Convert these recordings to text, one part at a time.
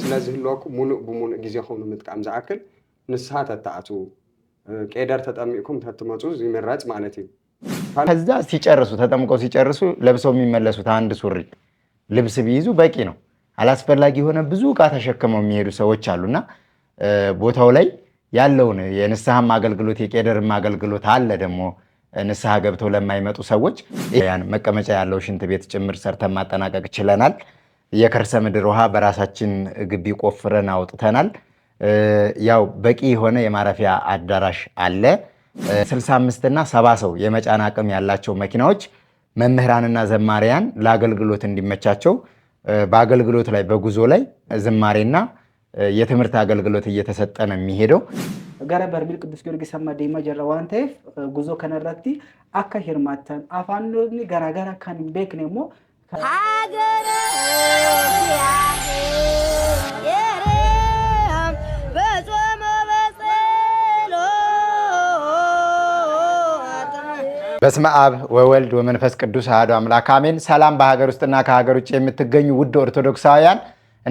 ስለዝህልወኩም ሙሉእ ብሙሉእ ግዜ ግዜኹም ምጥቃም ዝኣክል ንስሓ ተተኣትዉ ቄደር ተጠሚእኩም ተትመፁ ዝምረፅ ማለት እዩ ከዛ ሲጨርሱ ተጠምቀው ሲጨርሱ ለብሰው የሚመለሱት አንድ ሱሪ ልብስ ቢይዙ በቂ ነው። አላስፈላጊ የሆነ ብዙ እቃ ተሸክመው የሚሄዱ ሰዎች አሉና ቦታው ላይ ያለውን የንስሐም አገልግሎት የቄደርም አገልግሎት አለ ደግሞ ንስሐ ገብተው ለማይመጡ ሰዎች መቀመጫ ያለው ሽንት ቤት ጭምር ሰርተን ማጠናቀቅ ችለናል። የከርሰ ምድር ውሃ በራሳችን ግቢ ቆፍረን አውጥተናል። ያው በቂ የሆነ የማረፊያ አዳራሽ አለ። 65 እና 70 ሰው የመጫን አቅም ያላቸው መኪናዎች መምህራንና ዘማሪያን ለአገልግሎት እንዲመቻቸው በአገልግሎት ላይ በጉዞ ላይ ዝማሬና የትምህርት አገልግሎት እየተሰጠ ነው የሚሄደው። ገረ በርሚል ቅዱስ ጊዮርጊስ ሰማ መጀረ ጀራ ጉዞ ከነረቲ አካ ሂርማተን አፋኖ ገራገራ ከን ቤክ ነሞ ሀገር በስመ አብ ወወልድ ወመንፈስ ቅዱስ አሐዱ አምላክ አሜን። ሰላም በሀገር ውስጥና ከሀገር ውጭ የምትገኙ ውድ ኦርቶዶክሳውያን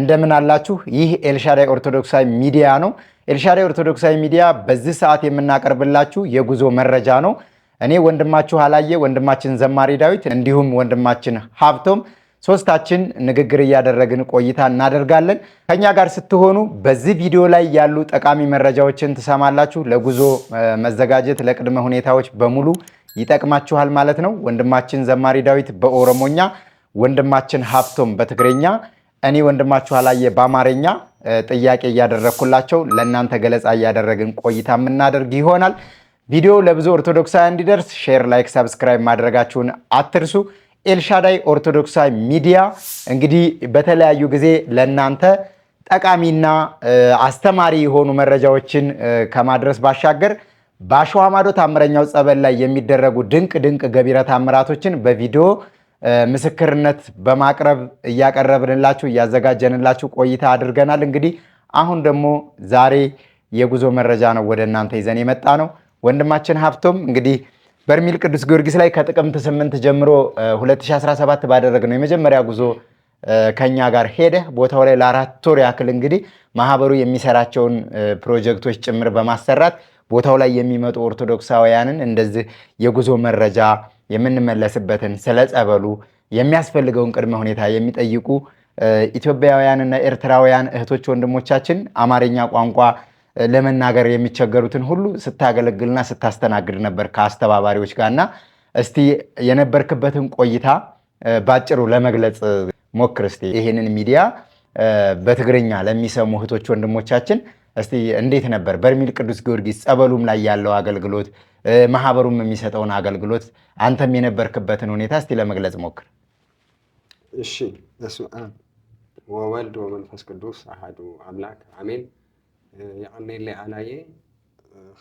እንደምን አላችሁ? ይህ ኤልሻዳይ ኦርቶዶክሳዊ ሚዲያ ነው። ኤልሻዳይ ኦርቶዶክሳዊ ሚዲያ በዚህ ሰዓት የምናቀርብላችሁ የጉዞ መረጃ ነው። እኔ ወንድማችሁ አላየ፣ ወንድማችን ዘማሪ ዳዊት እንዲሁም ወንድማችን ሀብቶም ሶስታችን ንግግር እያደረግን ቆይታ እናደርጋለን። ከኛ ጋር ስትሆኑ በዚህ ቪዲዮ ላይ ያሉ ጠቃሚ መረጃዎችን ትሰማላችሁ። ለጉዞ መዘጋጀት፣ ለቅድመ ሁኔታዎች በሙሉ ይጠቅማችኋል ማለት ነው። ወንድማችን ዘማሪ ዳዊት በኦሮሞኛ፣ ወንድማችን ሀብቶም በትግርኛ፣ እኔ ወንድማችሁ አላየ በአማርኛ ጥያቄ እያደረግኩላቸው ለእናንተ ገለጻ እያደረግን ቆይታ የምናደርግ ይሆናል። ቪዲዮ ለብዙ ኦርቶዶክሳዊ እንዲደርስ ሼር፣ ላይክ፣ ሰብስክራይብ ማድረጋችሁን አትርሱ። ኤልሻዳይ ኦርቶዶክሳዊ ሚዲያ እንግዲህ በተለያዩ ጊዜ ለእናንተ ጠቃሚና አስተማሪ የሆኑ መረጃዎችን ከማድረስ ባሻገር በአሸዋ ማዶ ታምረኛው ጸበል ላይ የሚደረጉ ድንቅ ድንቅ ገቢረ ታምራቶችን በቪዲዮ ምስክርነት በማቅረብ እያቀረብንላችሁ እያዘጋጀንላችሁ ቆይታ አድርገናል። እንግዲህ አሁን ደግሞ ዛሬ የጉዞ መረጃ ነው ወደ እናንተ ይዘን የመጣ ነው። ወንድማችን ሀብቶም እንግዲህ በርሜል ቅዱስ ጊዮርጊስ ላይ ከጥቅምት 8 ጀምሮ 2017 ነው የመጀመሪያ ጉዞ ከኛ ጋር ሄደ ቦታው ላይ ለአራት ወር ያክል እንግዲህ ማህበሩ የሚሰራቸውን ፕሮጀክቶች ጭምር በማሰራት ቦታው ላይ የሚመጡ ኦርቶዶክሳውያንን እንደዚህ የጉዞ መረጃ የምንመለስበትን ስለ ጸበሉ የሚያስፈልገውን ቅድመ ሁኔታ የሚጠይቁ ኢትዮጵያውያንና ኤርትራውያን እህቶች ወንድሞቻችን አማርኛ ቋንቋ ለመናገር የሚቸገሩትን ሁሉ ስታገለግልና ስታስተናግድ ነበር ከአስተባባሪዎች ጋር እና እስቲ የነበርክበትን ቆይታ ባጭሩ ለመግለጽ ሞክር። እስቲ ይሄንን ሚዲያ በትግርኛ ለሚሰሙ እህቶች ወንድሞቻችን እስቲ እንዴት ነበር በርሜል ቅዱስ ጊዮርጊስ ጸበሉም ላይ ያለው አገልግሎት ማህበሩም የሚሰጠውን አገልግሎት አንተም የነበርክበትን ሁኔታ እስቲ ለመግለጽ ሞክር። እሺ። በስመ አብ ወወልድ ወመንፈስ ቅዱስ አሐዱ አምላክ አሜን። ይቀኒለ ኣናየ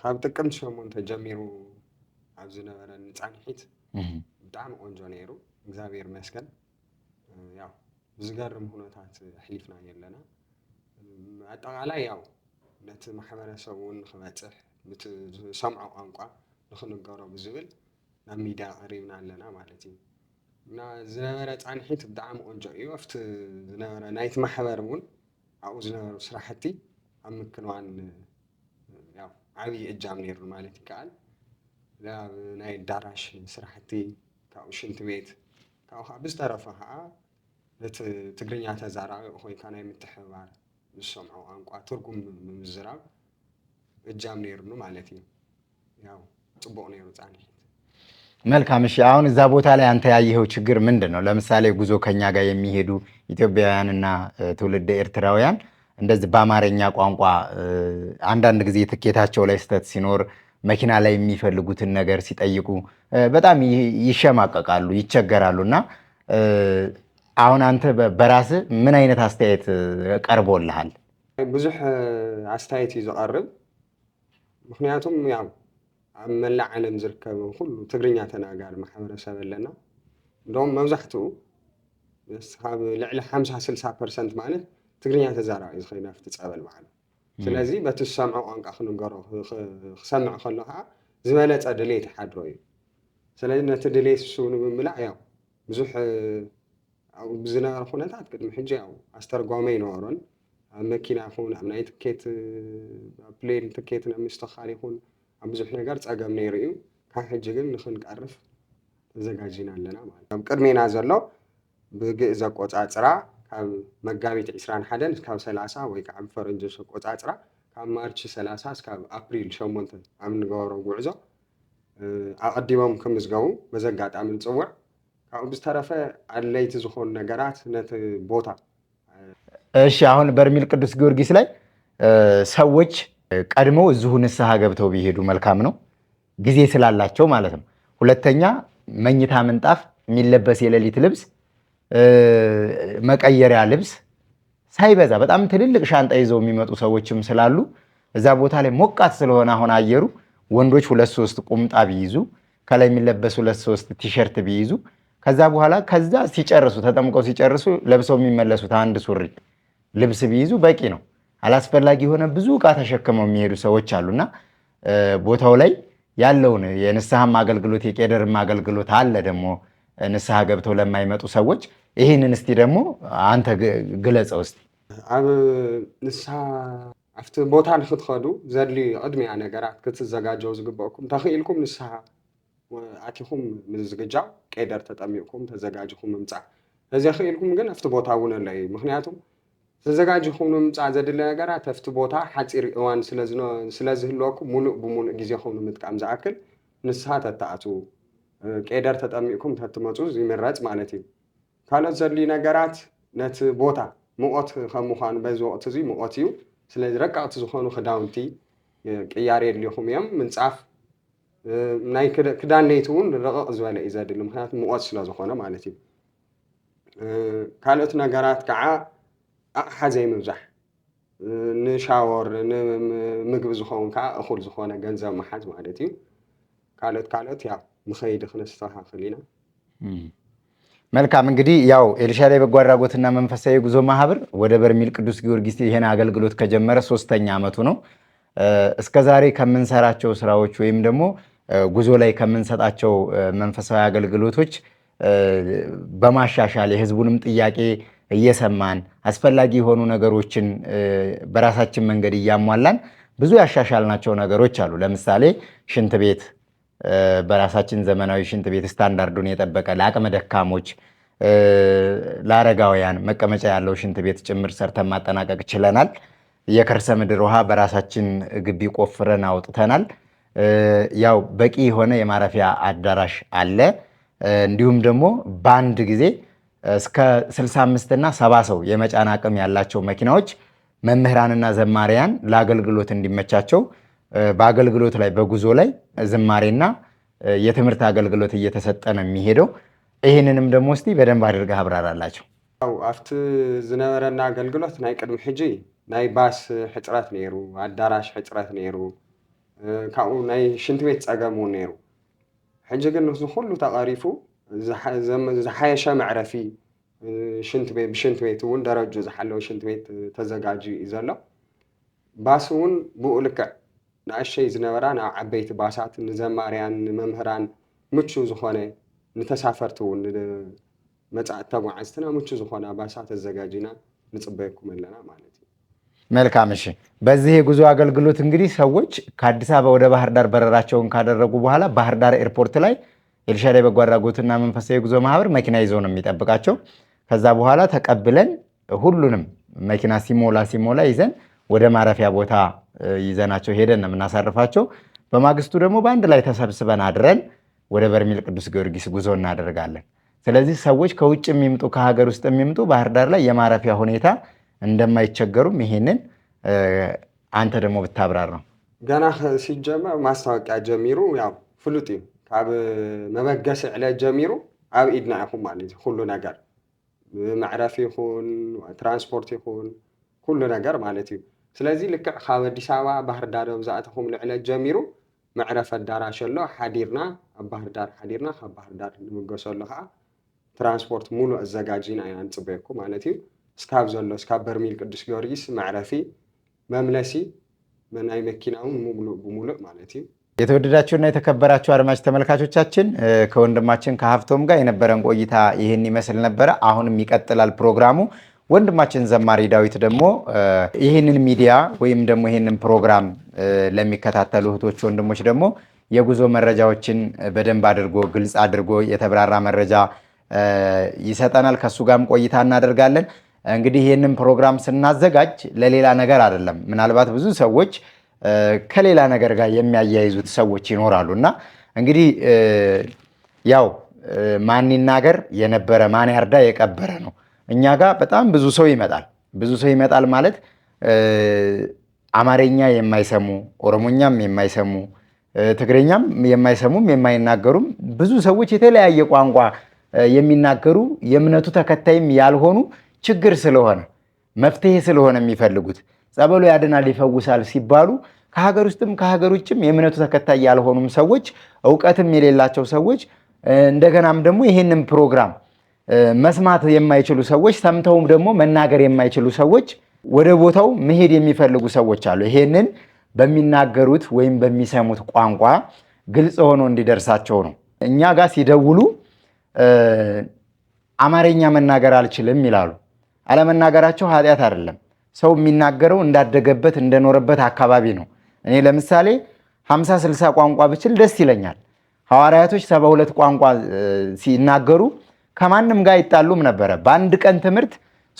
ካብ ጥቅምቲ ሸሞንተ ተጀሚሩ ኣብ ዝነበረ ንፃንሒት ብጣዕሚ ቆንጆ ነይሩ እግዚኣብሔር መስገን ያው ዝገርም ኩነታት ኣሕሊፍና የለና ኣጠቃላይ ያው ነቲ ማሕበረሰብ እውን ንክበፅሕ ነቲ ዝሰምዖ ቋንቋ ንክንገሮ ብዝብል ናብ ሚድያ ቀሪብና ኣለና ማለት እዩ እና ዝነበረ ፃንሒት ብጣዕሚ ቆንጆ እዩ ኣብቲ ዝነበረ ናይቲ ማሕበር እውን ኣብኡ ዝነበሩ ስራሕቲ አምክኗን ያው ዓብዪ እጃም ነይሩ ማለት ይከኣል እዛ ናይ ዳራሽ ስራሕቲ ካብኡ ሽንቲ ቤት ካብኡ ከዓ ብዝተረፈ ከዓ እቲ ትግርኛ ተዛራቢ ኮይንካ ናይ ምትሕብባር ዝሰምዖ ቋንቋ ትርጉም ምምዝራብ እጃም ነይሩኒ ማለት እዩ። ያው ፅቡቅ ነይሩ ፃኒሒት። መልካም። እሺ፣ አሁን እዛ ቦታ ላይ አንተ ያየኸው ችግር ምንድን ነው? ለምሳሌ ጉዞ ከኛ ጋር የሚሄዱ ኢትዮጵያውያንና ትውልደ ኤርትራውያን እንደዚህ በአማርኛ ቋንቋ አንዳንድ ጊዜ ትኬታቸው ላይ ስህተት ሲኖር መኪና ላይ የሚፈልጉትን ነገር ሲጠይቁ በጣም ይሸማቀቃሉ፣ ይቸገራሉ። እና አሁን አንተ በራስ ምን አይነት አስተያየት ቀርቦልሃል? ብዙሕ አስተያየት እዩ ዝቐርብ ምክንያቱም ያው ኣብ መላእ ዓለም ዝርከብ ኩሉ ትግርኛ ተናጋሪ ማሕበረሰብ ኣለና እንደም መብዛሕትኡ ካብ ልዕሊ 50 60 ፐርሰንት ማለት ትግርኛ ተዛረባ እዩ ዝኸይና ፍቲ ፀበል በዓሉ ስለዚ በቲ ዝሰምዖ ቋንቋ ክንገሮ ክሰምዕ ከሎ ከዓ ዝበለፀ ድሌት ሓድሮ እዩ ስለዚ ነቲ ድሌት ሱ ንምምላእ ያው ብዙሕ ኣብ ዝነበረ ኩነታት ቅድሚ ሕጂ ያው ኣስተርጓመ ይነበሮን ኣብ መኪና ይኹን ኣብ ናይ ትኬት ኣብ ፕሌን ትኬት ናብ ምስትኻል ይኹን ኣብ ብዙሕ ነገር ፀገም ነይሩ እዩ ካብ ሕጂ ግን ንክንቀርፍ ተዘጋጂና ኣለና ማለት እዩ ቅድሜና ዘሎ ብግእ ዘቆፃፅራ ካብ መጋቢት 21 እስካብ 30 ወይ ከዓ ብፈረንጆ ቆፃፅራ ካብ ማርች 30 እስካብ ኣፕሪል 8 ኣብ ንገበሮ ጉዕዞ ኣቐዲሞም ክምዝገቡ መዘጋጣሚ ንፅውዕ ካብኡ ብዝተረፈ ኣድለይቲ ዝኾኑ ነገራት ነቲ ቦታ እሺ አሁን በርሚል ቅዱስ ጊዮርጊስ ላይ ሰዎች ቀድመው እዚሁ ንስሐ ገብተው ቢሄዱ መልካም ነው፣ ጊዜ ስላላቸው ማለት ነው። ሁለተኛ መኝታ ምንጣፍ፣ የሚለበስ የሌሊት ልብስ መቀየሪያ ልብስ ሳይበዛ በጣም ትልልቅ ሻንጣ ይዘው የሚመጡ ሰዎችም ስላሉ እዛ ቦታ ላይ ሞቃት ስለሆነ አሁን አየሩ ወንዶች ሁለት ሶስት ቁምጣ ቢይዙ ከላይ የሚለበስ ሁለት ሶስት ቲሸርት ቢይዙ ከዛ በኋላ ከዛ ሲጨርሱ ተጠምቀው ሲጨርሱ ለብሰው የሚመለሱት አንድ ሱሪ ልብስ ቢይዙ በቂ ነው። አላስፈላጊ የሆነ ብዙ እቃ ተሸክመው የሚሄዱ ሰዎች አሉና ቦታው ላይ ያለውን የንስሐም አገልግሎት የቄደርም አገልግሎት አለ ደግሞ ንስሐ ገብተው ለማይመጡ ሰዎች ይህንን እስቲ ደግሞ አንተ ግለጸ እስቲ ኣብ ንሳ ኣብቲ ቦታ ንክትኸዱ ዘድልዩ ቅድሚያ ነገራት ክትዘጋጀው ዝግበአኩም ተኽኢልኩም ንስሓ ኣቲኹም ምዝግጃው ቀደር ተጠሚቕኩም ተዘጋጅኹም ምምፃእ ክኢልኩም ግን ኣብቲ ቦታ እውን ኣሎ እዩ ምክንያቱ ተዘጋጅኹም ንምምፃእ ዘድሊ ነገራት ኣብቲ ቦታ ሓፂር እዋን ስለዝህልወኩም ሙሉእ ብሙሉእ ግዜኹም ንምጥቃም ዝኣክል ንስሓ ተተኣትዉ ቀደር ተጠሚቕኩም ተትመፁ ይምረፅ ማለት እዩ ካልኦት ዘድልዩ ነገራት ነቲ ቦታ ምቆት ከም ምኳኑ በዚ ወቅት እዚ ምቆት እዩ ስለዚ ረቃቅቲ ዝኮኑ ክዳውንቲ ቅያር የድልኹም እዮም ምንፃፍ ናይ ክዳን ለይቲ እውን ርቕቕ ዝበለ እዩ ዘድሊ ምክንያቱ ምቆት ስለዝኮነ ማለት እዩ ካልኦት ነገራት ከዓ ኣቕሓ ዘይምብዛሕ ንሻወር ንምግቢ ዝኸውን ከዓ እኩል ዝኮነ ገንዘብ መሓዝ ማለት እዩ ካልኦት ካልኦት ያ ንከይዲ ክነስተካክል ኢና መልካም እንግዲህ ያው ኤልሻዳይ በጎ አድራጎትና መንፈሳዊ ጉዞ ማህበር ወደ በርሜል ቅዱስ ጊዮርጊስ ይህን አገልግሎት ከጀመረ ሶስተኛ ዓመቱ ነው። እስከዛሬ ከምንሰራቸው ስራዎች ወይም ደግሞ ጉዞ ላይ ከምንሰጣቸው መንፈሳዊ አገልግሎቶች በማሻሻል የህዝቡንም ጥያቄ እየሰማን አስፈላጊ የሆኑ ነገሮችን በራሳችን መንገድ እያሟላን ብዙ ያሻሻልናቸው ነገሮች አሉ። ለምሳሌ ሽንት ቤት በራሳችን ዘመናዊ ሽንት ቤት ስታንዳርዱን የጠበቀ ለአቅመ ደካሞች፣ ለአረጋውያን መቀመጫ ያለው ሽንት ቤት ጭምር ሰርተን ማጠናቀቅ ችለናል። የከርሰ ምድር ውሃ በራሳችን ግቢ ቆፍረን አውጥተናል። ያው በቂ የሆነ የማረፊያ አዳራሽ አለ። እንዲሁም ደግሞ በአንድ ጊዜ እስከ 65 እና ሰባ ሰው የመጫን አቅም ያላቸው መኪናዎች መምህራንና ዘማሪያን ለአገልግሎት እንዲመቻቸው በአገልግሎት ላይ በጉዞ ላይ ዝማሬና የትምህርት አገልግሎት እየተሰጠ ነው የሚሄደው። ይህንንም ደግሞ እስቲ በደንብ አድርገህ አብራራላቸው። ኣብቲ ዝነበረና ኣገልግሎት ናይ ቅድሚ ሕጂ ናይ ባስ ሕፅረት ነይሩ፣ ኣዳራሽ ሕፅረት ነይሩ፣ ካብኡ ናይ ሽንቲ ቤት ፀገም እውን ነይሩ። ሕጂ ግን ንሱ ኩሉ ተቐሪፉ ዝሓየሸ መዕረፊ ሽንቲ ቤት ብሽንቲ ቤት እውን ደረጁ ዝሓለወ ሽንቲ ቤት ተዘጋጅ እዩ ዘሎ ባስ እውን ብኡ ልክዕ ንኣሸይ ዝነበራ ናብ ዓበይቲ ባሳት ንዘማርያን ንመምህራን ምቹ ዝኮነ ንተሳፈርቲ እውን መፃእቲ ተጓዓዝትና ምቹ ዝኮነ ባሳት ኣዘጋጂና ንፅበየኩም ኣለና ማለት እዩ መልካም እሺ በዚህ የጉዞ አገልግሎት እንግዲህ ሰዎች ከአዲስ አበባ ወደ ባህር ዳር በረራቸውን ካደረጉ በኋላ ባህር ዳር ኤርፖርት ላይ ኤልሻዳይ በጎ አድራጎትና መንፈሳዊ ጉዞ ማህበር መኪና ይዞ ነው የሚጠብቃቸው ከዛ በኋላ ተቀብለን ሁሉንም መኪና ሲሞላ ሲሞላ ይዘን ወደ ማረፊያ ቦታ ይዘናቸው ሄደን ነው የምናሳርፋቸው። በማግስቱ ደግሞ በአንድ ላይ ተሰብስበን አድረን ወደ በርሜል ቅዱስ ጊዮርጊስ ጉዞ እናደርጋለን። ስለዚህ ሰዎች ከውጭ የሚምጡ ከሀገር ውስጥ የሚምጡ ባህር ዳር ላይ የማረፊያ ሁኔታ እንደማይቸገሩም ይሄንን አንተ ደግሞ ብታብራር ነው። ገና ሲጀመር ማስታወቂያ ጀሚሩ ያው ፍሉጥ እዩ ካብ መበገሲ ዕለት ጀሚሩ ኣብ ኢድና ኢኹም ማለት እዩ ኩሉ ነገር መዕረፊ ይኹን ትራንስፖርት ይኹን ኩሉ ነገር ማለት እዩ ስለዚ ልክዕ ካብ ኣዲስ ኣበባ ባህርዳር ብዝኣተኹም ልዕለ ጀሚሩ መዕረፍ ኣዳራሽ ኣሎ ሓዲርና ኣብ ባህርዳር ሓዲርና ካብ ባህርዳር ንምገሰሉ ከዓ ትራንስፖርት ሙሉእ ኣዘጋጂና ኢና ንፅበየኩ ማለት እዩ እስካብ ዘሎ እስካብ በርሚል ቅዱስ ጊዮርጊስ መዕረፊ መምለሲ ናይ መኪና እውን ሙሉእ ብሙሉእ ማለት እዩ የተወደዳችሁና የተከበራችሁ አድማጭ ተመልካቾቻችን ከወንድማችን ከሀብቶም ጋር የነበረን ቆይታ ይህን ይመስል ነበረ። አሁንም ይቀጥላል ፕሮግራሙ። ወንድማችን ዘማሪ ዳዊት ደግሞ ይህንን ሚዲያ ወይም ደግሞ ይህንን ፕሮግራም ለሚከታተሉ እህቶች፣ ወንድሞች ደግሞ የጉዞ መረጃዎችን በደንብ አድርጎ ግልጽ አድርጎ የተብራራ መረጃ ይሰጠናል። ከእሱ ጋርም ቆይታ እናደርጋለን። እንግዲህ ይህንን ፕሮግራም ስናዘጋጅ ለሌላ ነገር አይደለም። ምናልባት ብዙ ሰዎች ከሌላ ነገር ጋር የሚያያይዙት ሰዎች ይኖራሉ እና እንግዲህ ያው ማን ይናገር የነበረ ማን ያርዳ የቀበረ ነው እኛ ጋር በጣም ብዙ ሰው ይመጣል። ብዙ ሰው ይመጣል ማለት አማርኛ የማይሰሙ ኦሮሞኛም የማይሰሙ ትግረኛም የማይሰሙም የማይናገሩም ብዙ ሰዎች የተለያየ ቋንቋ የሚናገሩ የእምነቱ ተከታይም ያልሆኑ ችግር ስለሆነ መፍትሄ ስለሆነ የሚፈልጉት ጸበሉ ያድናል ይፈውሳል ሲባሉ ከሀገር ውስጥም ከሀገር ውጭም የእምነቱ ተከታይ ያልሆኑም ሰዎች እውቀትም የሌላቸው ሰዎች እንደገናም ደግሞ ይሄንን ፕሮግራም መስማት የማይችሉ ሰዎች ሰምተውም ደግሞ መናገር የማይችሉ ሰዎች ወደ ቦታው መሄድ የሚፈልጉ ሰዎች አሉ። ይሄንን በሚናገሩት ወይም በሚሰሙት ቋንቋ ግልጽ ሆኖ እንዲደርሳቸው ነው። እኛ ጋር ሲደውሉ አማርኛ መናገር አልችልም ይላሉ። አለመናገራቸው ኃጢአት አይደለም። ሰው የሚናገረው እንዳደገበት እንደኖረበት አካባቢ ነው። እኔ ለምሳሌ 50 60 ቋንቋ ብችል ደስ ይለኛል። ሐዋርያቶች ሁለት ቋንቋ ሲናገሩ ከማንም ጋር ይጣሉም ነበረ። በአንድ ቀን ትምህርት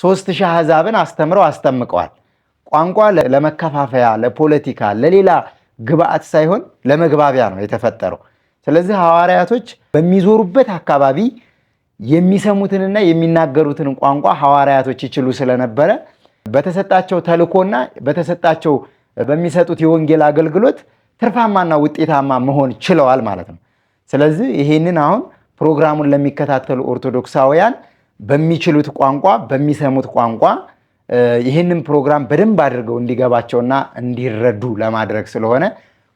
ሶስት ሺህ አሕዛብን አስተምረው አስጠምቀዋል። ቋንቋ ለመከፋፈያ፣ ለፖለቲካ፣ ለሌላ ግብአት ሳይሆን ለመግባቢያ ነው የተፈጠረው። ስለዚህ ሐዋርያቶች በሚዞሩበት አካባቢ የሚሰሙትንና የሚናገሩትን ቋንቋ ሐዋርያቶች ይችሉ ስለነበረ በተሰጣቸው ተልኮና በተሰጣቸው በሚሰጡት የወንጌል አገልግሎት ትርፋማና ውጤታማ መሆን ችለዋል ማለት ነው። ስለዚህ ይሄንን አሁን ፕሮግራሙን ለሚከታተሉ ኦርቶዶክሳውያን በሚችሉት ቋንቋ በሚሰሙት ቋንቋ ይህንን ፕሮግራም በደንብ አድርገው እንዲገባቸውና እንዲረዱ ለማድረግ ስለሆነ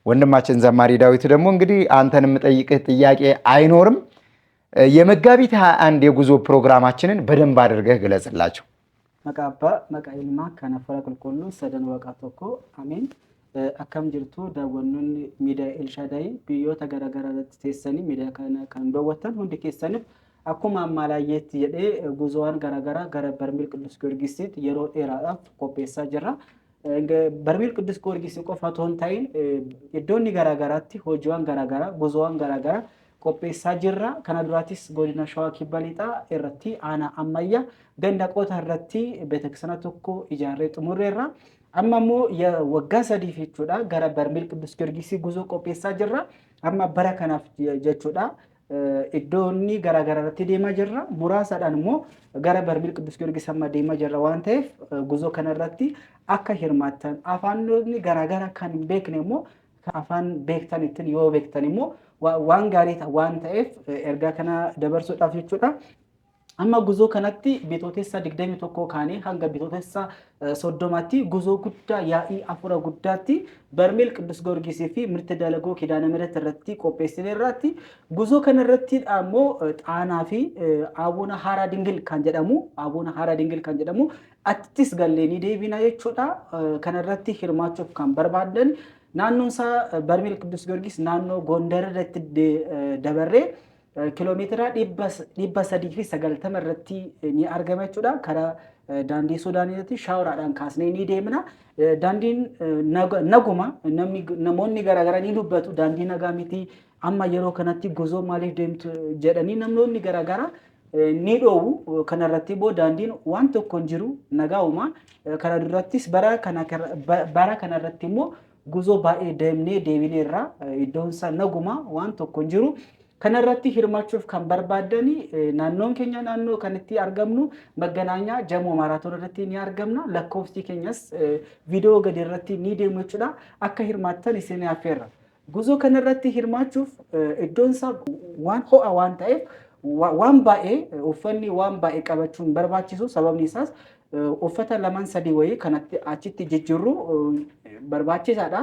ወንድማችን ዘማሪ ዳዊት ደግሞ እንግዲህ አንተን የምጠይቅህ ጥያቄ አይኖርም። የመጋቢት 21 የጉዞ ፕሮግራማችንን በደንብ አድርገህ ግለጽላቸው። መቃባ መቃይልማ ከነፈረ ቁልቁሉ ሰደን ወቃቶኮ አሜን akkam jirtu daawwannoonni miidiyaa Elshaadaay biyyoota garaagaraa irratti teessanii miidiyaa kana kan daawwattan hundi keessaniif akkuma ammaa laayyeetti jedhee guzoowwan garaagaraa gara Barmiil Qidduus Giyoorgisiitti yeroo dheeraadhaaf qopheessaa jirra. Barmiil Qidduus Giyoorgisii qofa otoo hin ta'in iddoonni garaagaraatti hojiiwwan garaagaraa guzoowwan garaagaraa qopheessaa jirra. Kana duraatis godina Shawaa Kibba Lixaa irratti aanaa ammayyaa ganda qoota irratti beeksisa tokko ijaarree xumurreerra. አማሞ የወጋንሳ ዲፌቹዳ ገረ በርሜል ቅዱስ ጊዮርጊስ ጉዞ ቆጴሳ ጅራ አማ በረከናፍ ጀቹዳ iddoonni garaagaraa irratti deemaa jirra muraasadhaan immoo gara barmiil qidus giyoorgis amma deemaa jirra waan ta'eef guzoo kanarratti akka hirmaattan afaanonni garaagaraa kan hin beekne immoo afaan beektan ittiin yoo beektan immoo waan gaarii waan ta'eef ergaa kana dabarsuudhaaf jechuudha amma guzoo kanatti bitootessa 21 kaanee hanga bitootessa soddomaatti guzoo guddaa yaa'ii afura guddaatti barmeel qidus gorgisii fi mirti dalagoo kidaana mirati irratti qopheessine irratti guzoo kana irratti ammoo xaanaa fi aabona haaraa dingil kan jedhamu aabona haaraa dingil kan jedhamu attis galleenii deebina jechuudha kana irratti hirmaachuuf kan barbaadan naannoon isaa barmeel qidus gorgis naannoo gondar irratti dabarree ኪሎ ሜትራ ዲበሳ ዲግሪ sagaltama irratti ni argamachuudhaan karaa daandii Suudaan irratti shaawuraadhaan kaasnee ni deemna. Daandiin naguma namoonni garaagaraa ni dubbatu daandii nagaa miti amma yeroo kanatti gozoo maaliif deemtu jedhanii namoonni garaagaraa ni dhoowwu. Kanarratti immoo daandiin waan tokko hin jiru nagaa uumaa. Kana durattis bara kanarratti immoo ጉዞ ባኤ ደምኔ ዴቢኔራ ኢዶንሳ ነጉማ ዋን ቶኮ እንጅሩ ከነረቲ ሂርማቹፍ ከንበርባደኒ ናኖን ኬኛ ናኖ ከንቲ አርገምኑ መገናኛ ጀሞ ማራቶን ረቲ ኒ አርገምና ለኮፍቲ ኬኛስ ቪዲዮ ገዲ ረቲ ኒ ዴሙ ጭዳ አካ ሂርማተን ኢሲኒ አፌራ ጉዞ ከነረቲ ሂርማቹፍ እዶንሳ ዋን ሆአ ዋን ታኤፍ ዋን ባኤ ኡፈኒ ዋን ባኤ ቀበቹን በርባችሱ ሰበብኒ ኢሳስ ኡፈተ ለማን ሰዲ ወይ ከነቲ አቺቲ ጅጅሩ በርባችሳዳ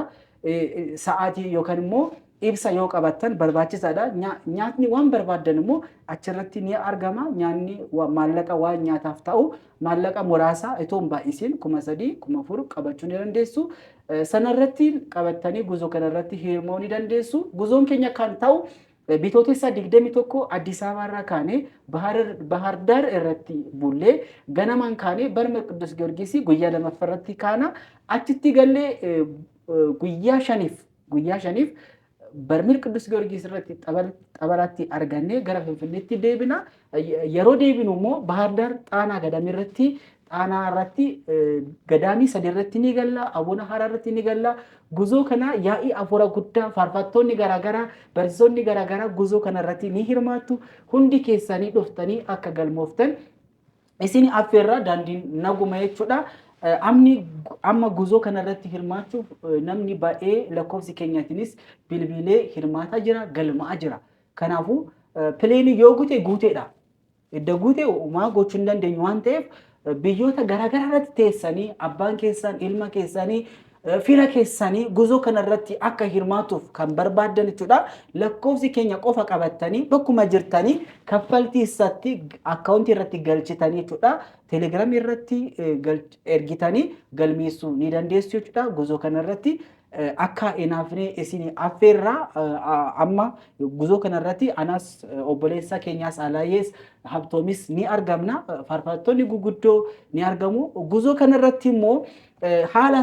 ሰዓቲ ዮከን ሞ ibsa yoo qabatan barbaachisaadha. Nyaatni waan barbaadan immoo achirratti ni argama. Nyaanni maallaqa waan nyaataaf ta'u maallaqa muraasa itoo hin baay'isiin kuma sadii kuma furu qabachuu ni dandeessu. Sanarratti qabatanii guzoo kanarratti hirmoo ni dandeessu. Guzoon keenya kan ta'u ቢቶቴሳ ዲግደሚ ቶኮ አዲስ አበባ ራ ካኔ ባህር ዳር እረቲ ቡሌ ገነማን ካኔ በርመ ቅዱስ ጊዮርጊስ ጉያ ለመፈረቲ kaana achitti gallee guyyaa shaniif guyyaa shaniif በርሚል ቅዱስ ጊዮርጊስ ረት ጠበላቲ አርገኔ ገረ ፍንፍኔቲ ዴቢና የሮ ዴቢን ሞ ባህርዳር ጣና ገዳሚ ረቲ ጣና ረቲ ገዳሚ ሰዲ ረቲ ኒ አቡነ ሀራ ረቲ ኒገላ ጉዞ ከና ያኢ አፎራ ጉዳ ፋርፋቶኒ ገራገራ በርሲሶኒ ገራገራ ጉዞ ከና ረቲ ኒሂርማቱ ሁንዲ ኬሳኒ ዶፍተኒ አከገልሞፍተን እሲኒ አፌራ ዳንዲን ነጉመ Uh, amni amma guzoo kanarratti hirmaachuuf uh, namni baay'ee lakkoofsi keenyatiinis bilbilee hirmaataa jira, galmaa jira. Kanaafuu uh, pileenii yoo guute guuteedha. Idda guute uumaa gochuu hin dandeenyu waan ta'eef biyyoota garaa irratti teessanii abbaan keessan ilma keessanii fira keessanii guzoo kanarratti akka hirmaatuuf kan barbaadan jechuudha. Lakkoofsi keenya qofa qabattanii bakkuma jirtanii kaffaltii isaatti akkaawuntii irratti galchitanii jechuudha. Teelegiraamii irratti ergitanii galmeessuu ni dandeessu jechuudha. Guzoo kanarratti akka inaafnee isin affeerraa amma guzoo kanarratti anaas obboleessa keenyaas alaayees ሀብቶሚስ ኒ አርገምና ፋርፋቶኒ ጉጉዶ ኒ አርገሙ ጉዞ ከነረቲ ሞ ሀላ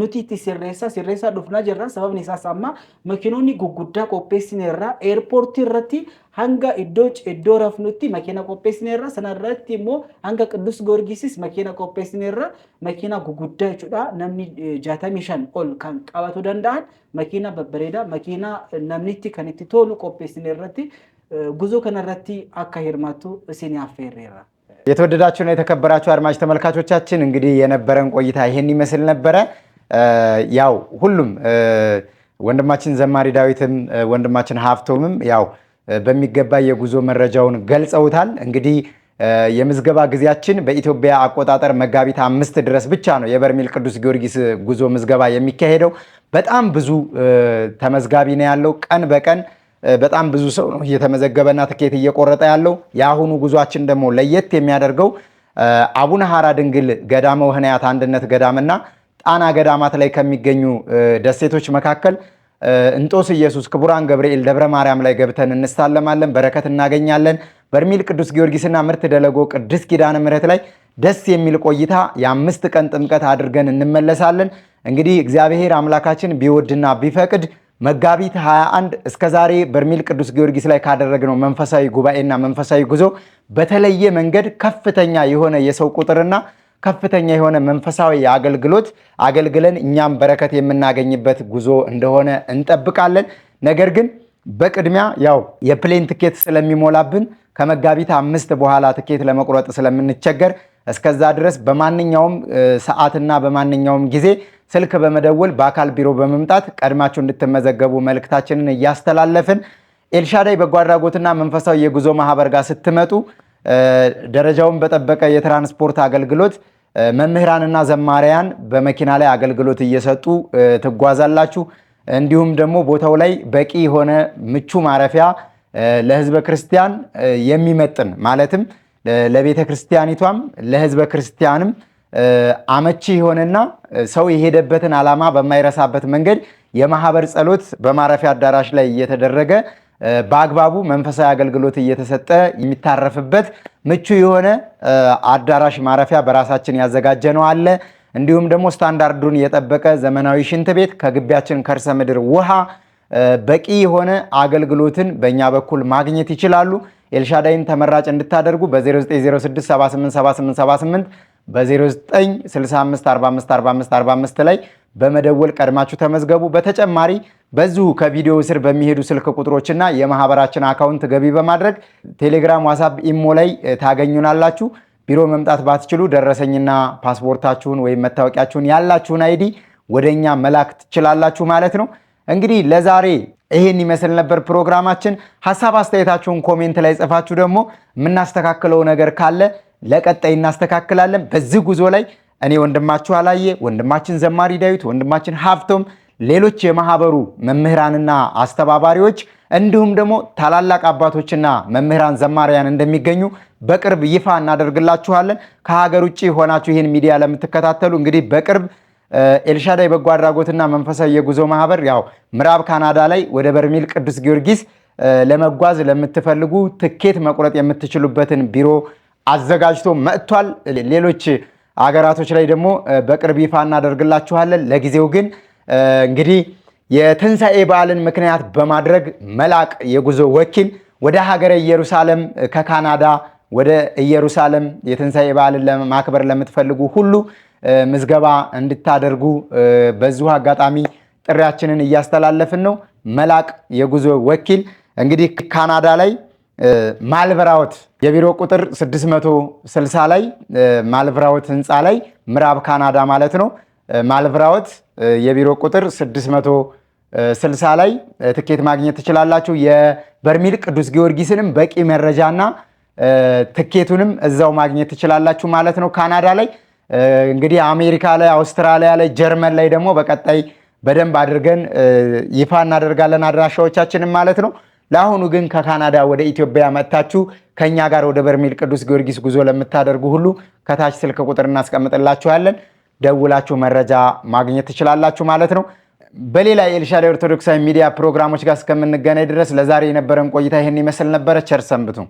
ኑቲቲ ሲሬሳ ሲሬሳ ዱፍና ጀራ ሰበብን ኢሳስ አማ መኪኖኒ ጉጉዳ ቆፔሲኔራ ኤርፖርቲ ረቲ hanga iddoo iddoo rafnutti makiina qopheessineerra sanarratti immoo hanga qidus goorgisis makiina qopheessineerra makiina guguddaa jechuudha namni jaatamii shan ol kan qabatu danda'an makiina babbareedaa makiina namnitti kan itti tolu qopheessineerratti ጉዞ ከነረቲ አካሄድ ማቱ እሴን ያፌሬራ የተወደዳችሁና የተከበራችሁ አድማጭ ተመልካቾቻችን እንግዲህ የነበረን ቆይታ ይሄን ይመስል ነበረ። ያው ሁሉም ወንድማችን ዘማሪ ዳዊትም ወንድማችን ሀብቶምም ያው በሚገባ የጉዞ መረጃውን ገልጸውታል። እንግዲህ የምዝገባ ጊዜያችን በኢትዮጵያ አቆጣጠር መጋቢት አምስት ድረስ ብቻ ነው የበርሜል ቅዱስ ጊዮርጊስ ጉዞ ምዝገባ የሚካሄደው። በጣም ብዙ ተመዝጋቢ ነው ያለው ቀን በቀን በጣም ብዙ ሰው ነው እየተመዘገበና ትኬት እየቆረጠ ያለው። የአሁኑ ጉዟችን ደግሞ ለየት የሚያደርገው አቡነ ሐራ ድንግል ገዳመ ወህንያት አንድነት ገዳምና ጣና ገዳማት ላይ ከሚገኙ ደሴቶች መካከል እንጦስ ኢየሱስ፣ ክቡራን ገብርኤል፣ ደብረ ማርያም ላይ ገብተን እንሳለማለን፣ በረከት እናገኛለን በርሜል ቅዱስ ጊዮርጊስና ምርት ደለጎ ቅድስት ኪዳነ ምሕረት ላይ ደስ የሚል ቆይታ የአምስት ቀን ጥምቀት አድርገን እንመለሳለን። እንግዲህ እግዚአብሔር አምላካችን ቢወድና ቢፈቅድ መጋቢት 21 እስከ ዛሬ በርሜል ቅዱስ ጊዮርጊስ ላይ ካደረግነው መንፈሳዊ ጉባኤና መንፈሳዊ ጉዞ በተለየ መንገድ ከፍተኛ የሆነ የሰው ቁጥርና ከፍተኛ የሆነ መንፈሳዊ አገልግሎት አገልግለን እኛም በረከት የምናገኝበት ጉዞ እንደሆነ እንጠብቃለን። ነገር ግን በቅድሚያ ያው የፕሌን ትኬት ስለሚሞላብን ከመጋቢት አምስት በኋላ ትኬት ለመቁረጥ ስለምንቸገር እስከዛ ድረስ በማንኛውም ሰዓትና በማንኛውም ጊዜ ስልክ በመደወል በአካል ቢሮ በመምጣት ቀድማችሁ እንድትመዘገቡ መልእክታችንን እያስተላለፍን ኤልሻዳይ በጎ አድራጎትና መንፈሳዊ የጉዞ ማህበር ጋር ስትመጡ ደረጃውን በጠበቀ የትራንስፖርት አገልግሎት መምህራንና ዘማሪያን በመኪና ላይ አገልግሎት እየሰጡ ትጓዛላችሁ። እንዲሁም ደግሞ ቦታው ላይ በቂ የሆነ ምቹ ማረፊያ ለህዝበ ክርስቲያን የሚመጥን ማለትም ለቤተ ክርስቲያኒቷም ለህዝበ ክርስቲያንም አመቺ የሆነና ሰው የሄደበትን ዓላማ በማይረሳበት መንገድ የማህበር ጸሎት በማረፊያ አዳራሽ ላይ እየተደረገ በአግባቡ መንፈሳዊ አገልግሎት እየተሰጠ የሚታረፍበት ምቹ የሆነ አዳራሽ ማረፊያ በራሳችን ያዘጋጀ ነው አለ። እንዲሁም ደግሞ ስታንዳርዱን የጠበቀ ዘመናዊ ሽንት ቤት ከግቢያችን ከርሰ ምድር ውሃ በቂ የሆነ አገልግሎትን በእኛ በኩል ማግኘት ይችላሉ። ኤልሻዳይን ተመራጭ እንድታደርጉ በ0906787878 በ0965454545 ላይ በመደወል ቀድማችሁ ተመዝገቡ። በተጨማሪ በዚሁ ከቪዲዮ ስር በሚሄዱ ስልክ ቁጥሮችና የማህበራችን አካውንት ገቢ በማድረግ ቴሌግራም፣ ዋሳብ፣ ኢሞ ላይ ታገኙናላችሁ። ቢሮ መምጣት ባትችሉ ደረሰኝና ፓስፖርታችሁን ወይም መታወቂያችሁን ያላችሁን አይዲ ወደ እኛ መላክ ትችላላችሁ ማለት ነው። እንግዲህ ለዛሬ ይሄን ይመስል ነበር ፕሮግራማችን። ሀሳብ አስተያየታችሁን ኮሜንት ላይ ጽፋችሁ ደግሞ የምናስተካክለው ነገር ካለ ለቀጣይ እናስተካክላለን። በዚህ ጉዞ ላይ እኔ ወንድማችሁ አላየ፣ ወንድማችን ዘማሪ ዳዊት፣ ወንድማችን ሀብቶም፣ ሌሎች የማህበሩ መምህራንና አስተባባሪዎች እንዲሁም ደግሞ ታላላቅ አባቶችና መምህራን ዘማሪያን እንደሚገኙ በቅርብ ይፋ እናደርግላችኋለን። ከሀገር ውጭ ሆናችሁ ይህን ሚዲያ ለምትከታተሉ እንግዲህ በቅርብ ኤልሻዳይ በጎ አድራጎትና መንፈሳዊ የጉዞ ማህበር ያው ምዕራብ ካናዳ ላይ ወደ በርሜል ቅዱስ ጊዮርጊስ ለመጓዝ ለምትፈልጉ ትኬት መቁረጥ የምትችሉበትን ቢሮ አዘጋጅቶ መጥቷል። ሌሎች አገራቶች ላይ ደግሞ በቅርብ ይፋ እናደርግላችኋለን። ለጊዜው ግን እንግዲህ የትንሣኤ በዓልን ምክንያት በማድረግ መላቅ የጉዞ ወኪል ወደ ሀገረ ኢየሩሳሌም ከካናዳ ወደ ኢየሩሳሌም የትንሣኤ በዓልን ለማክበር ለምትፈልጉ ሁሉ ምዝገባ እንድታደርጉ በዚሁ አጋጣሚ ጥሪያችንን እያስተላለፍን ነው። መላቅ የጉዞ ወኪል እንግዲህ ካናዳ ላይ ማልብራዎት የቢሮ ቁጥር 660 ላይ ማልብራዎት ህንፃ ላይ ምዕራብ ካናዳ ማለት ነው። ማልብራዎት የቢሮ ቁጥር 660 ላይ ትኬት ማግኘት ትችላላችሁ። የበርሚል ቅዱስ ጊዮርጊስንም በቂ መረጃና ትኬቱንም እዛው ማግኘት ትችላላችሁ ማለት ነው። ካናዳ ላይ እንግዲህ አሜሪካ ላይ፣ አውስትራሊያ ላይ፣ ጀርመን ላይ ደግሞ በቀጣይ በደንብ አድርገን ይፋ እናደርጋለን አድራሻዎቻችንም ማለት ነው። ለአሁኑ ግን ከካናዳ ወደ ኢትዮጵያ መጥታችሁ ከእኛ ጋር ወደ በርሜል ቅዱስ ጊዮርጊስ ጉዞ ለምታደርጉ ሁሉ ከታች ስልክ ቁጥር እናስቀምጥላችኋለን። ደውላችሁ መረጃ ማግኘት ትችላላችሁ ማለት ነው። በሌላ የኤልሻዳይ ኦርቶዶክሳዊ ሚዲያ ፕሮግራሞች ጋር እስከምንገናኝ ድረስ ለዛሬ የነበረን ቆይታ ይህን ይመስል ነበረ። ቸር ሰንብቱ።